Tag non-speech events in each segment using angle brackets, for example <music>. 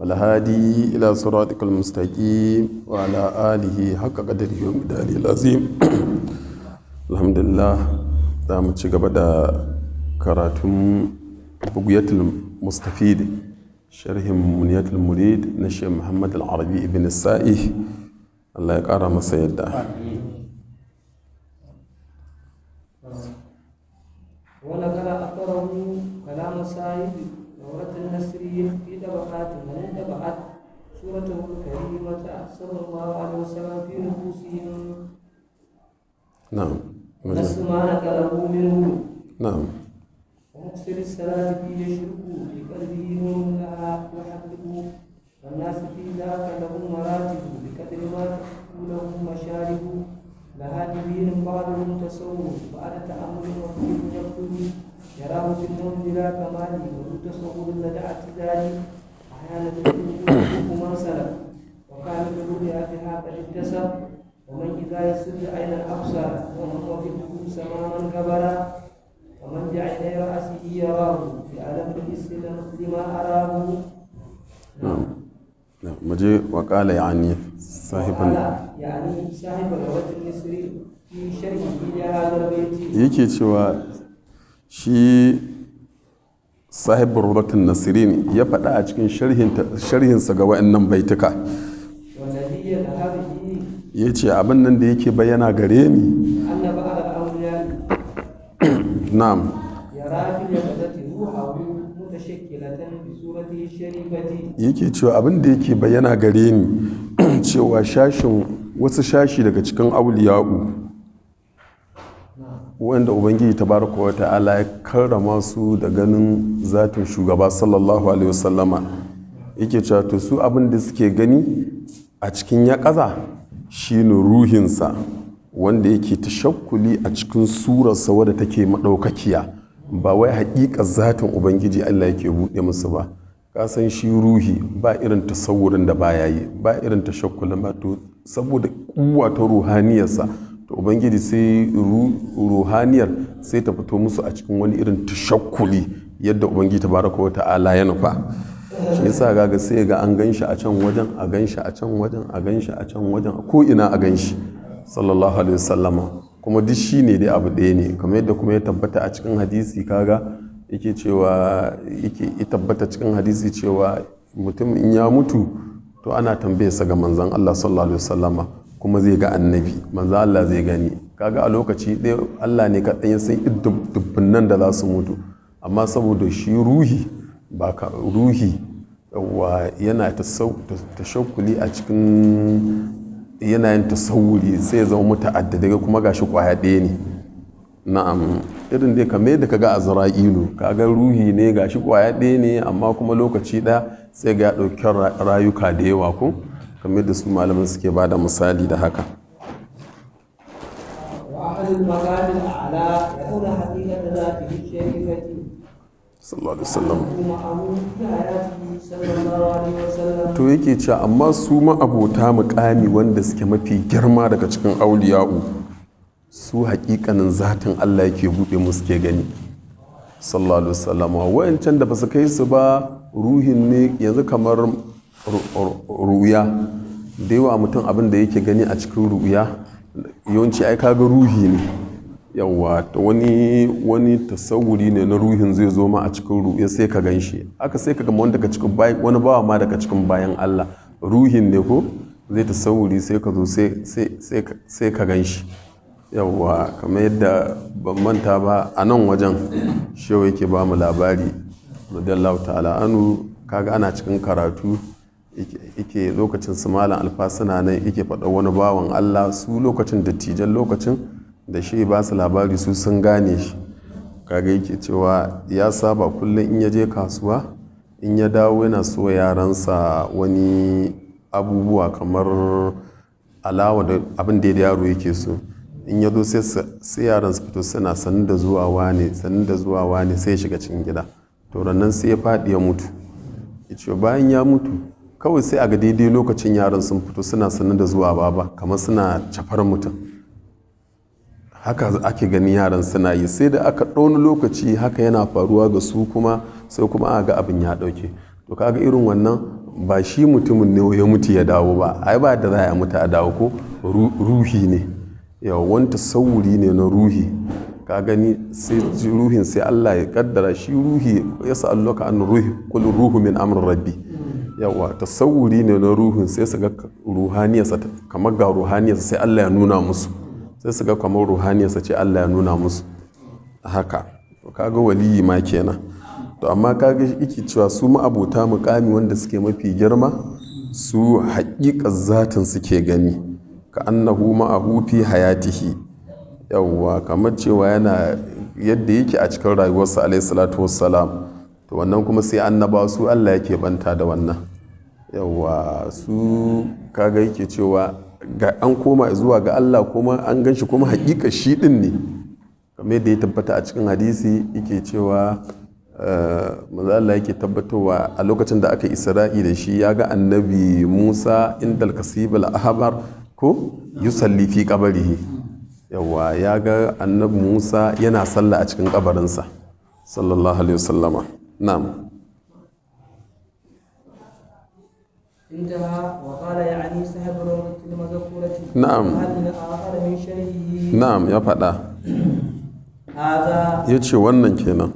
والهادي إلى صراطك المستقيم وعلى آله حق قدره ومداره العظيم الحمد لله دام تشغب دا كراتم بقية المستفيد شرح منية المريد نشي محمد العربي بن السائح الله يقرم سيدا ونقل أثره كلام سائد ومثل النسرين في طبقات من دبحت سورته الكريمة صلى الله عليه وسلم في نفوسهم نعم نفس ما نقله منه نعم ومكسر الصلاة يشرب في بقلبه هم لها وحده والناس في ذاك لهم مراتب بقدر ما تحكم لهم مشارب لها دين بعضهم تصور بعد تأمل وفيه يقول يراه في النوم بلا كمال ورد صبور لدى اعتدال احيانا تكون ما سلف وكان بلوغها بها قد اكتسب ومن اذا يسر عين الابصر ومن هو في الحكم من كبرا ومن بعيني راسه يراه في الم الاسلام لما اراه نعم نعم وقال يعني صاحب يعني صاحب الوجه المصري في شرحه هذا البيت يكي cewa shi sahibin rubatun nasirin ya faɗa a cikin sharhinsa ga wa'annan baituka ya ce abin nan da yake bayyana gare ni na'am yake cewa abin da yake bayyana gare ni <clears throat> cewa shashin wasu shashi daga cikin auliya'u wanda ubangiji ta baraka wa ta'ala ya karrama su da ganin zatin shugaba sallallahu alaihi wasallama yake cewa to su abin da suke gani a cikin ya ƙaza shine ruhinsa wanda yake ta shakkuli a cikin surarsa wadda take maɗaukakiya ba wai haƙiƙa zatin ubangiji allah yake buɗe musu ba ka san shi ruhi ba irin tasawurin da baya yi ba irin tashakkulin ba to saboda kuwa ta ruhaniyarsa to ubangiji sai ruhaniyar sai ta fito musu a cikin wani irin tashakkuli yadda ubangiji tabaraka wa ta'ala ya nufa shi yasa gaga sai ga an ganshi a can wajen a ganshi a can wajen a ganshi a can wajen ko ina a ganshi sallallahu alaihi wasallama kuma duk shi ne dai abu ɗaya ne kamar yadda kuma ya tabbata a cikin hadisi kaga yake cewa yake ya tabbata cikin hadisi cewa mutum in ya mutu to ana tambayarsa ga manzon Allah sallallahu alaihi wasallama kuma zai ga annabi manzo Allah zai gani kaga a lokaci ɗaya Allah ne kaɗai ya san dubbin nan da za su mutu amma saboda shi ruhi ba ka ruhi yawa yana tashakuli a cikin yana yanayin tasawuri sai zama daga kuma gashi kwaya ɗaya ne na'am irin dai kamar yadda kaga azra'ilu kaga ruhi ne gashi kwaya ɗaya ne amma kuma lokaci ɗaya sai ga ya ɗauki rayuka da yawa ko kamar da su malaman suke ba da misali da haka to yake ce amma su ma'abota mukami wanda suke mafi girma daga cikin auliya'u su hakikanin zatin allah yake buɗe musu ke gani sallallahu alaihi wasallam wa'ancan da ba su kai su ba ruhin ne yanzu kamar ruya da yawa mutum abin da yake gani a cikin ru'uya yawanci ai kaga ruhi ne yawa wani wani tasawuri ne na ruhin zai zo ma a cikin ru'uya sai ka gan shi aka sai ka gama wani wani bawa ma daga cikin bayan Allah ruhin ne ko zai tasawuri sai ka zo sai ka gan shi yawa kamar yadda ban manta ba a nan wajen shewa yake ba mu labari radiyallahu ta'ala anu kaga ana cikin karatu ike lokacin su malam alfasana nan ike faɗa wani bawan allah su lokacin dattijan lokacin da shi ba su labari su sun gane shi kaga yake cewa ya saba kullum in ya je kasuwa in ya dawo yana so yaransa wani abubuwa kamar alawa da abin da yaro yake so in ya zo sai yaran su fito suna sannu da zuwa wane sanin da zuwa wane sai shiga cikin gida to nan sai ya faɗi ya mutu ya ce bayan ya mutu kawai sai a ga daidai lokacin yaran sun fito suna sanar da zuwa baba kamar suna cafar mutum haka ake gani yaran suna yi sai da aka ɗauni lokaci haka yana faruwa ga su kuma sai kuma a ga abin ya ɗauke to kaga irin wannan ba shi mutumin ne ya mutu ya dawo ba ai ba da za a mutu a dawo ko ruhi ne wanta sauri ne na ruhi ka gani sai ruhin sai Allah ya kaddara shi ruhi ya sa Allah ka an ruhi kullu ruhu min amrin rabbi yawa tasawuri ne na ruhun sai su ga ruhaniyarsa kamar ga ruhaniyarsa sai Allah ya nuna musu sai su ga kamar ruhaniyarsa ce Allah ya nuna musu haka to kaga waliyi ma kenan to amma kaga iki cewa su ma'abota mukami wanda suke mafi girma su haƙiƙar zatin suke gani ka annahu ma'ahu fi hayatihi yawa kamar cewa yana yadda yake a cikin rayuwarsa alayhi salatu wassalam to wannan kuma sai annaba su Allah yake banta da wannan yawa su kaga yake cewa ga an koma zuwa ga Allah kuma an ganshi kuma hakika shi din ne kamar yadda ya tabbata a cikin hadisi yake cewa eh, maza Allah yake tabbatowa a lokacin da aka isra'i da shi ya ga annabi Musa inda al ahbar ko yusalli fi qabrihi yawa ya ga annabi Musa yana sallah a cikin kabarinsa sallallahu alaihi wasallama Naam. Naam. Naam, ya faɗa. Ya ce wannan kenan.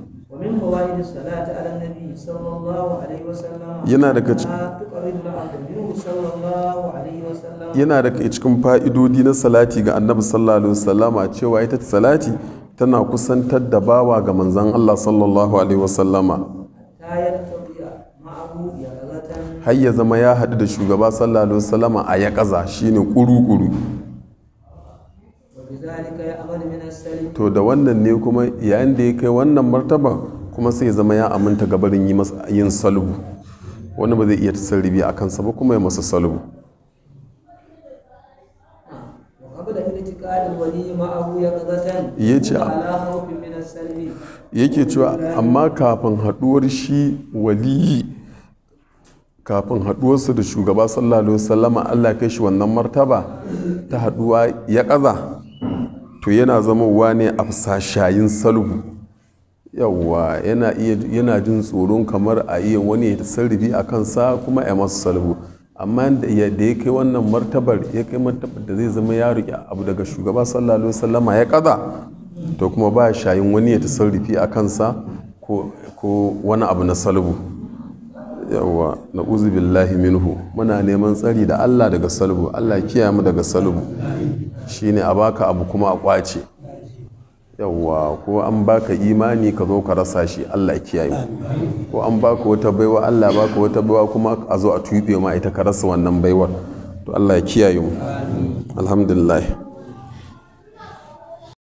Yana daga cikin yana daga cikin fa'idodi na salati ga annabi sallallahu alaihi wasallam cewa ita salati tana kusantar da bawa ga manzan Allah sallallahu alaihi wasallama har ya zama ya haɗu da shugaba sallallahu alaihi wasallama a ya ƙaza shine ƙuru-ƙuru to da wannan ne kuma yayin da ya kai wannan martaba kuma sai zama ya aminta gabarin yin salbu wani ba zai iya ta tasarrufi a kansa ba kuma ya masa salubu yake cewa amma kafin haduwar shi waliyi kafin haduwarsa da shugaba sallallahu alaihi wasallama Allah kai shi wannan martaba ta haɗuwa ya kaza to yana zamowa ne a fasashayin salbu yawwa yana jin tsoron kamar a iya wani sarrafi a kansa kuma ya masu salbu amma da ya kai wannan martabar ya kai martabar da zai zama ya riƙe abu daga shugaba sallallahu alaihi wasallama ya kaza to kuma ba shayin wani ya tasarrufi a kansa ko wani abu na salbu yawa na billahi minhu muna neman tsari da allah daga salbu allah kiyaye mu daga salbu shine a baka abu kuma a kwace yawwa ko an baka imani ka zo ka rasa shi Allah kiyaye ko an baka wata baiwa Allah baka wata baiwa kuma a zo a tuɓe ma ita ka rasa wannan baiwar to Allah ya kiyaye mu alhamdulillah